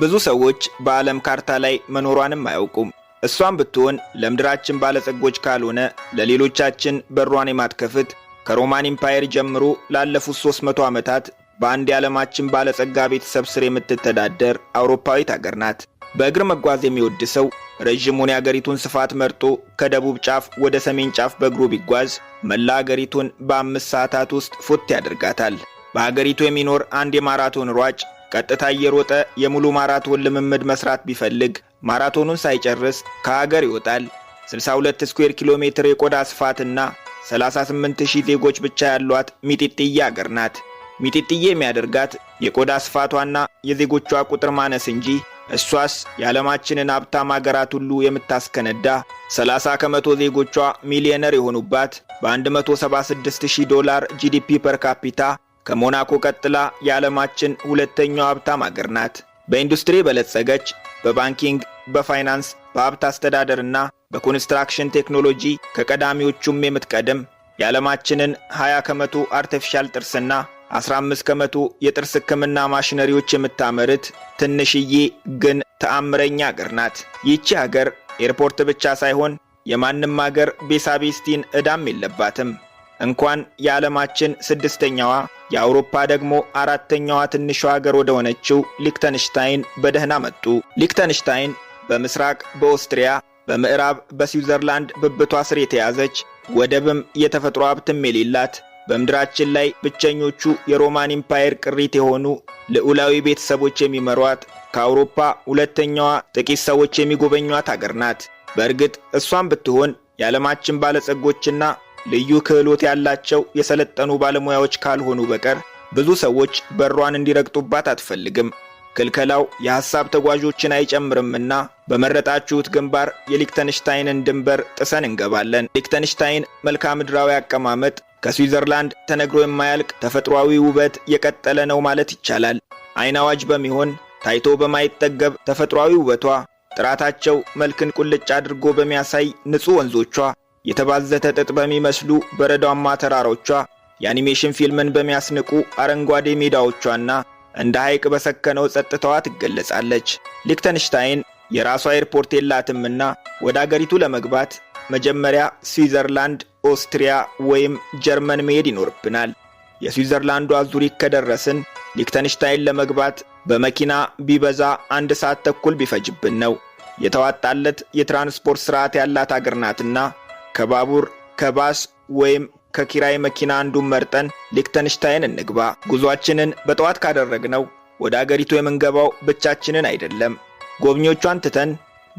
ብዙ ሰዎች በዓለም ካርታ ላይ መኖሯንም አያውቁም። እሷም ብትሆን ለምድራችን ባለጸጎች ካልሆነ ለሌሎቻችን በሯን የማትከፍት ከሮማን ኢምፓየር ጀምሮ ላለፉት 300 ዓመታት በአንድ የዓለማችን ባለጸጋ ቤተሰብ ስር የምትተዳደር አውሮፓዊት አገር ናት። በእግር መጓዝ የሚወድ ሰው ረዥሙን የአገሪቱን ስፋት መርጦ ከደቡብ ጫፍ ወደ ሰሜን ጫፍ በእግሩ ቢጓዝ መላ አገሪቱን በአምስት ሰዓታት ውስጥ ፉት ያደርጋታል። በአገሪቱ የሚኖር አንድ የማራቶን ሯጭ ቀጥታ እየሮጠ የሙሉ ማራቶን ልምምድ መስራት ቢፈልግ ማራቶኑን ሳይጨርስ ከሀገር ይወጣል። 62 ስኩዌር ኪሎ ሜትር የቆዳ ስፋትና 38000 ዜጎች ብቻ ያሏት ሚጢጥዬ አገር ናት። ሚጢጥዬ የሚያደርጋት የቆዳ ስፋቷና የዜጎቿ ቁጥር ማነስ እንጂ እሷስ የዓለማችንን ሀብታም አገራት ሁሉ የምታስከነዳ 30 ከመቶ ዜጎቿ ሚሊዮነር የሆኑባት በ176000 ዶላር ጂዲፒ ፐር ካፒታ ከሞናኮ ቀጥላ የዓለማችን ሁለተኛው ሀብታም አገር ናት። በኢንዱስትሪ በለጸገች፣ በባንኪንግ፣ በፋይናንስ፣ በሀብት አስተዳደርና በኮንስትራክሽን ቴክኖሎጂ ከቀዳሚዎቹም የምትቀድም የዓለማችንን 20 ከመቶ አርቲፊሻል ጥርስና 15 ከመቶ የጥርስ ሕክምና ማሽነሪዎች የምታመርት ትንሽዬ ግን ተአምረኛ አገር ናት። ይቺ አገር ኤርፖርት ብቻ ሳይሆን የማንም አገር ቤሳቤስቲን ዕዳም የለባትም። እንኳን የዓለማችን ስድስተኛዋ የአውሮፓ ደግሞ አራተኛዋ ትንሿ አገር ወደ ሆነችው ሊክተንሽታይን በደህና መጡ። ሊክተንሽታይን በምስራቅ በኦስትሪያ በምዕራብ በስዊዘርላንድ ብብቷ ስር የተያዘች ወደብም የተፈጥሮ ሀብትም የሌላት በምድራችን ላይ ብቸኞቹ የሮማን ኢምፓየር ቅሪት የሆኑ ልዑላዊ ቤተሰቦች የሚመሯት ከአውሮፓ ሁለተኛዋ ጥቂት ሰዎች የሚጎበኟት አገር ናት። በእርግጥ እሷም ብትሆን የዓለማችን ባለጸጎችና ልዩ ክህሎት ያላቸው የሰለጠኑ ባለሙያዎች ካልሆኑ በቀር ብዙ ሰዎች በሯን እንዲረግጡባት አትፈልግም። ክልከላው የሐሳብ ተጓዦችን አይጨምርምና በመረጣችሁት ግንባር የሊክተንሽታይንን ድንበር ጥሰን እንገባለን። ሊክተንሽታይን መልክዓ ምድራዊ አቀማመጥ ከስዊዘርላንድ ተነግሮ የማያልቅ ተፈጥሯዊ ውበት የቀጠለ ነው ማለት ይቻላል። አይን አዋጅ በሚሆን ታይቶ በማይጠገብ ተፈጥሯዊ ውበቷ ጥራታቸው መልክን ቁልጭ አድርጎ በሚያሳይ ንጹሕ ወንዞቿ የተባዘተ ጥጥ በሚመስሉ በረዷማ ተራሮቿ የአኒሜሽን ፊልምን በሚያስንቁ አረንጓዴ ሜዳዎቿና እንደ ሐይቅ በሰከነው ጸጥታዋ ትገለጻለች። ሊክተንሽታይን የራሷ ኤርፖርት የላትምና ወደ አገሪቱ ለመግባት መጀመሪያ ስዊዘርላንድ፣ ኦስትሪያ ወይም ጀርመን መሄድ ይኖርብናል። የስዊዘርላንዷ ዙሪክ ከደረስን ሊክተንሽታይን ለመግባት በመኪና ቢበዛ አንድ ሰዓት ተኩል ቢፈጅብን ነው። የተዋጣለት የትራንስፖርት ሥርዓት ያላት አገር ናትና ከባቡር ከባስ ወይም ከኪራይ መኪና አንዱን መርጠን ሊክተንሽታይን እንግባ። ጉዟችንን በጠዋት ካደረግነው ወደ አገሪቱ የምንገባው ብቻችንን አይደለም። ጎብኚዎቿን ትተን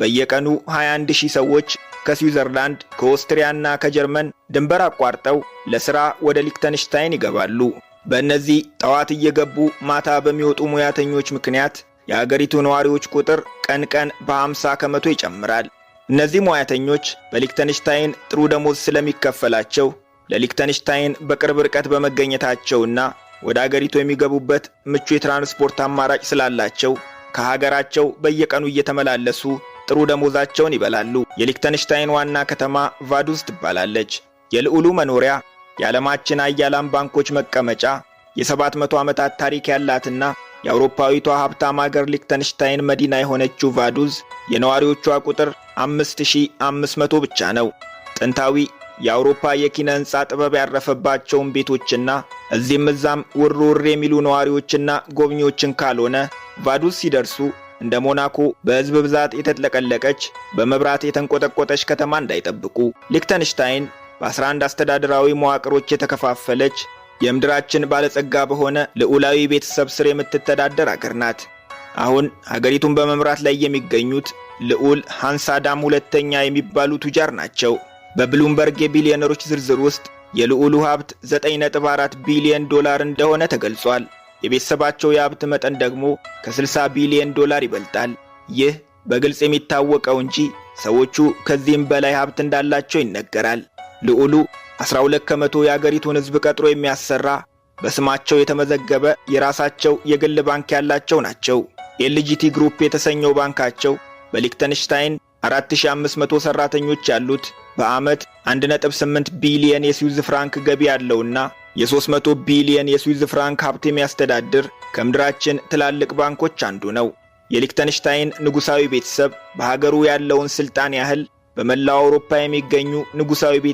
በየቀኑ 21 ሺህ ሰዎች ከስዊዘርላንድ ከኦስትሪያና ከጀርመን ድንበር አቋርጠው ለሥራ ወደ ሊክተንሽታይን ይገባሉ። በእነዚህ ጠዋት እየገቡ ማታ በሚወጡ ሙያተኞች ምክንያት የአገሪቱ ነዋሪዎች ቁጥር ቀን ቀን በ50 ከመቶ ይጨምራል። እነዚህ ሙያተኞች በሊክተንሽታይን ጥሩ ደሞዝ ስለሚከፈላቸው ለሊክተንሽታይን በቅርብ ርቀት በመገኘታቸውና ወደ አገሪቱ የሚገቡበት ምቹ የትራንስፖርት አማራጭ ስላላቸው ከሀገራቸው በየቀኑ እየተመላለሱ ጥሩ ደሞዛቸውን ይበላሉ። የሊክተንሽታይን ዋና ከተማ ቫዱዝ ትባላለች። የልዑሉ መኖሪያ የዓለማችን አያላም ባንኮች መቀመጫ፣ የ700 ዓመታት ታሪክ ያላትና የአውሮፓዊቷ ሀብታም አገር ሊክተንሽታይን መዲና የሆነችው ቫዱዝ የነዋሪዎቿ ቁጥር 5500 ብቻ ነው። ጥንታዊ የአውሮፓ የኪነ ሕንፃ ጥበብ ያረፈባቸውን ቤቶችና እዚህም እዛም ውርውር የሚሉ ነዋሪዎችና ጎብኚዎችን ካልሆነ ቫዱዝ ሲደርሱ እንደ ሞናኮ በሕዝብ ብዛት የተጥለቀለቀች በመብራት የተንቆጠቆጠች ከተማ እንዳይጠብቁ። ሊክተንሽታይን በ11 አስተዳደራዊ መዋቅሮች የተከፋፈለች የምድራችን ባለጸጋ በሆነ ልዑላዊ ቤተሰብ ስር የምትተዳደር አገር ናት። አሁን አገሪቱን በመምራት ላይ የሚገኙት ልዑል ሃንሳዳም ሁለተኛ የሚባሉ ቱጃር ናቸው። በብሉምበርግ የቢሊዮነሮች ዝርዝር ውስጥ የልዑሉ ሀብት 9.4 ቢሊዮን ዶላር እንደሆነ ተገልጿል። የቤተሰባቸው የሀብት መጠን ደግሞ ከ60 ቢሊዮን ዶላር ይበልጣል። ይህ በግልጽ የሚታወቀው እንጂ ሰዎቹ ከዚህም በላይ ሀብት እንዳላቸው ይነገራል። ልዑሉ 12 ከመቶ የአገሪቱን ሕዝብ ቀጥሮ የሚያሰራ በስማቸው የተመዘገበ የራሳቸው የግል ባንክ ያላቸው ናቸው። ኤልጂቲ ግሩፕ የተሰኘው ባንካቸው በሊክተንሽታይን 4500 ሰራተኞች ያሉት በዓመት 1.8 ቢሊየን የስዊዝ ፍራንክ ገቢ ያለውና የ300 ቢሊየን የስዊዝ ፍራንክ ሀብት የሚያስተዳድር ከምድራችን ትላልቅ ባንኮች አንዱ ነው። የሊክተንሽታይን ንጉሳዊ ቤተሰብ በሀገሩ ያለውን ስልጣን ያህል በመላው አውሮፓ የሚገኙ ንጉሳዊ ቤት